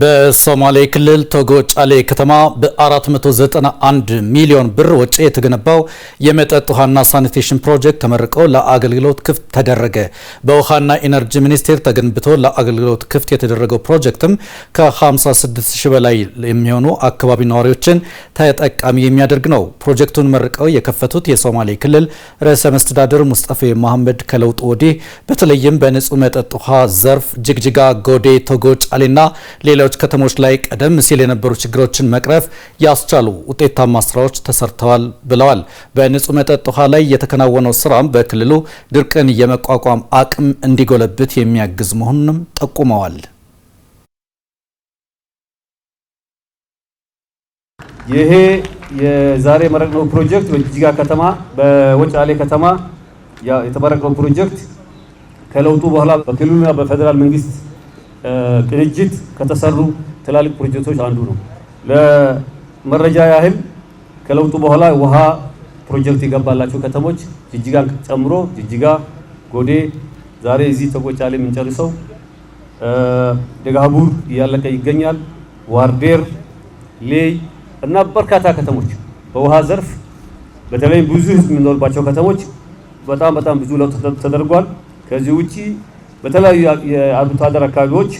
በሶማሌ ክልል ቶጎ ጫሌ ከተማ በ491 ሚሊዮን ብር ወጪ የተገነባው የመጠጥ ውሃና ሳኒቴሽን ፕሮጀክት ተመርቆ ለአገልግሎት ክፍት ተደረገ። በውሃና ኢነርጂ ሚኒስቴር ተገንብቶ ለአገልግሎት ክፍት የተደረገው ፕሮጀክትም ከ56 ሺህ በላይ የሚሆኑ አካባቢ ነዋሪዎችን ተጠቃሚ የሚያደርግ ነው። ፕሮጀክቱን መርቀው የከፈቱት የሶማሌ ክልል ርዕሰ መስተዳድር ሙስጠፌ መሐመድ ከለውጡ ወዲህ በተለይም በንጹህ መጠጥ ውሃ ዘርፍ ጅግጅጋ፣ ጎዴ፣ ቶጎ ጫሌና ሌሎች ከተሞች ላይ ቀደም ሲል የነበሩ ችግሮችን መቅረፍ ያስቻሉ ውጤታማ ስራዎች ተሰርተዋል ብለዋል። በንጹህ መጠጥ ውሃ ላይ የተከናወነው ስራም በክልሉ ድርቅን የመቋቋም አቅም እንዲጎለብት የሚያግዝ መሆኑንም ጠቁመዋል። ይሄ የዛሬ የመረቅነው ፕሮጀክት በጅጅጋ ከተማ በወጫሌ ከተማ የተመረቅነው ፕሮጀክት ከለውጡ በኋላ በክልሉና በፌዴራል መንግስት ቅንጅት ከተሰሩ ትላልቅ ፕሮጀክቶች አንዱ ነው። ለመረጃ ያህል ከለውጡ በኋላ ውሃ ፕሮጀክት የገባላቸው ከተሞች ጅጅጋን ጨምሮ ጅጅጋ፣ ጎዴ፣ ዛሬ እዚህ ተቆጫሌ የምንጨርሰው ደጋቡር እያለቀ ይገኛል። ዋርዴር፣ ሌይ እና በርካታ ከተሞች በውሃ ዘርፍ በተለይም ብዙ ሕዝብ የሚኖርባቸው ከተሞች በጣም በጣም ብዙ ለውጥ ተደርጓል። ከዚህ ውጪ በተለያዩ የአርብቶ አደር አካባቢዎች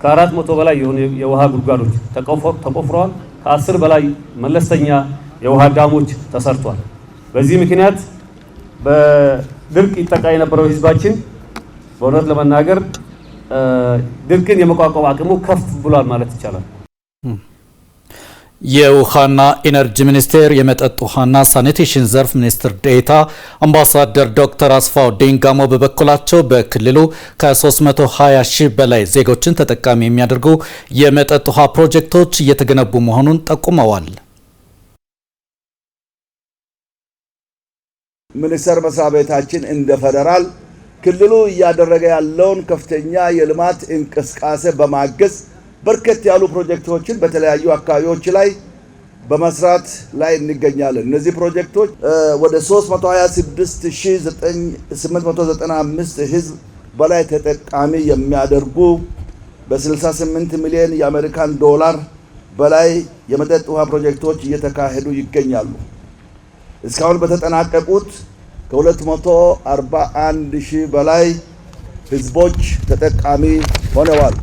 ከአራት መቶ በላይ የሆኑ የውሃ ጉድጓዶች ተቆፍረዋል። ከአስር በላይ መለስተኛ የውሃ ዳሞች ተሰርቷል። በዚህ ምክንያት በድርቅ ይጠቃ የነበረው ህዝባችን በእውነት ለመናገር ድርቅን የመቋቋም አቅሙ ከፍ ብሏል ማለት ይቻላል። የውሃና ኢነርጂ ሚኒስቴር የመጠጥ ውሃና ሳኒቴሽን ዘርፍ ሚኒስትር ዴታ አምባሳደር ዶክተር አስፋው ዴንጋሞ በበኩላቸው በክልሉ ከ320 ሺህ በላይ ዜጎችን ተጠቃሚ የሚያደርጉ የመጠጥ ውሃ ፕሮጀክቶች እየተገነቡ መሆኑን ጠቁመዋል። ሚኒስቴር መስሪያ ቤታችን እንደ ፌደራል ክልሉ እያደረገ ያለውን ከፍተኛ የልማት እንቅስቃሴ በማገዝ በርከት ያሉ ፕሮጀክቶችን በተለያዩ አካባቢዎች ላይ በመስራት ላይ እንገኛለን። እነዚህ ፕሮጀክቶች ወደ 326895 ህዝብ በላይ ተጠቃሚ የሚያደርጉ በ68 ሚሊዮን የአሜሪካን ዶላር በላይ የመጠጥ ውሃ ፕሮጀክቶች እየተካሄዱ ይገኛሉ። እስካሁን በተጠናቀቁት ከ241 ሺህ በላይ ህዝቦች ተጠቃሚ ሆነዋል።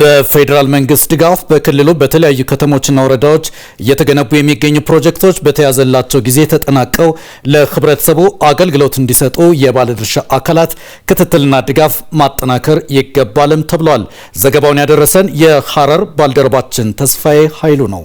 በፌዴራል መንግስት ድጋፍ በክልሉ በተለያዩ ከተሞችና ወረዳዎች እየተገነቡ የሚገኙ ፕሮጀክቶች በተያዘላቸው ጊዜ ተጠናቀው ለህብረተሰቡ አገልግሎት እንዲሰጡ የባለድርሻ አካላት ክትትልና ድጋፍ ማጠናከር ይገባልም ተብሏል። ዘገባውን ያደረሰን የሐረር ባልደረባችን ተስፋዬ ኃይሉ ነው።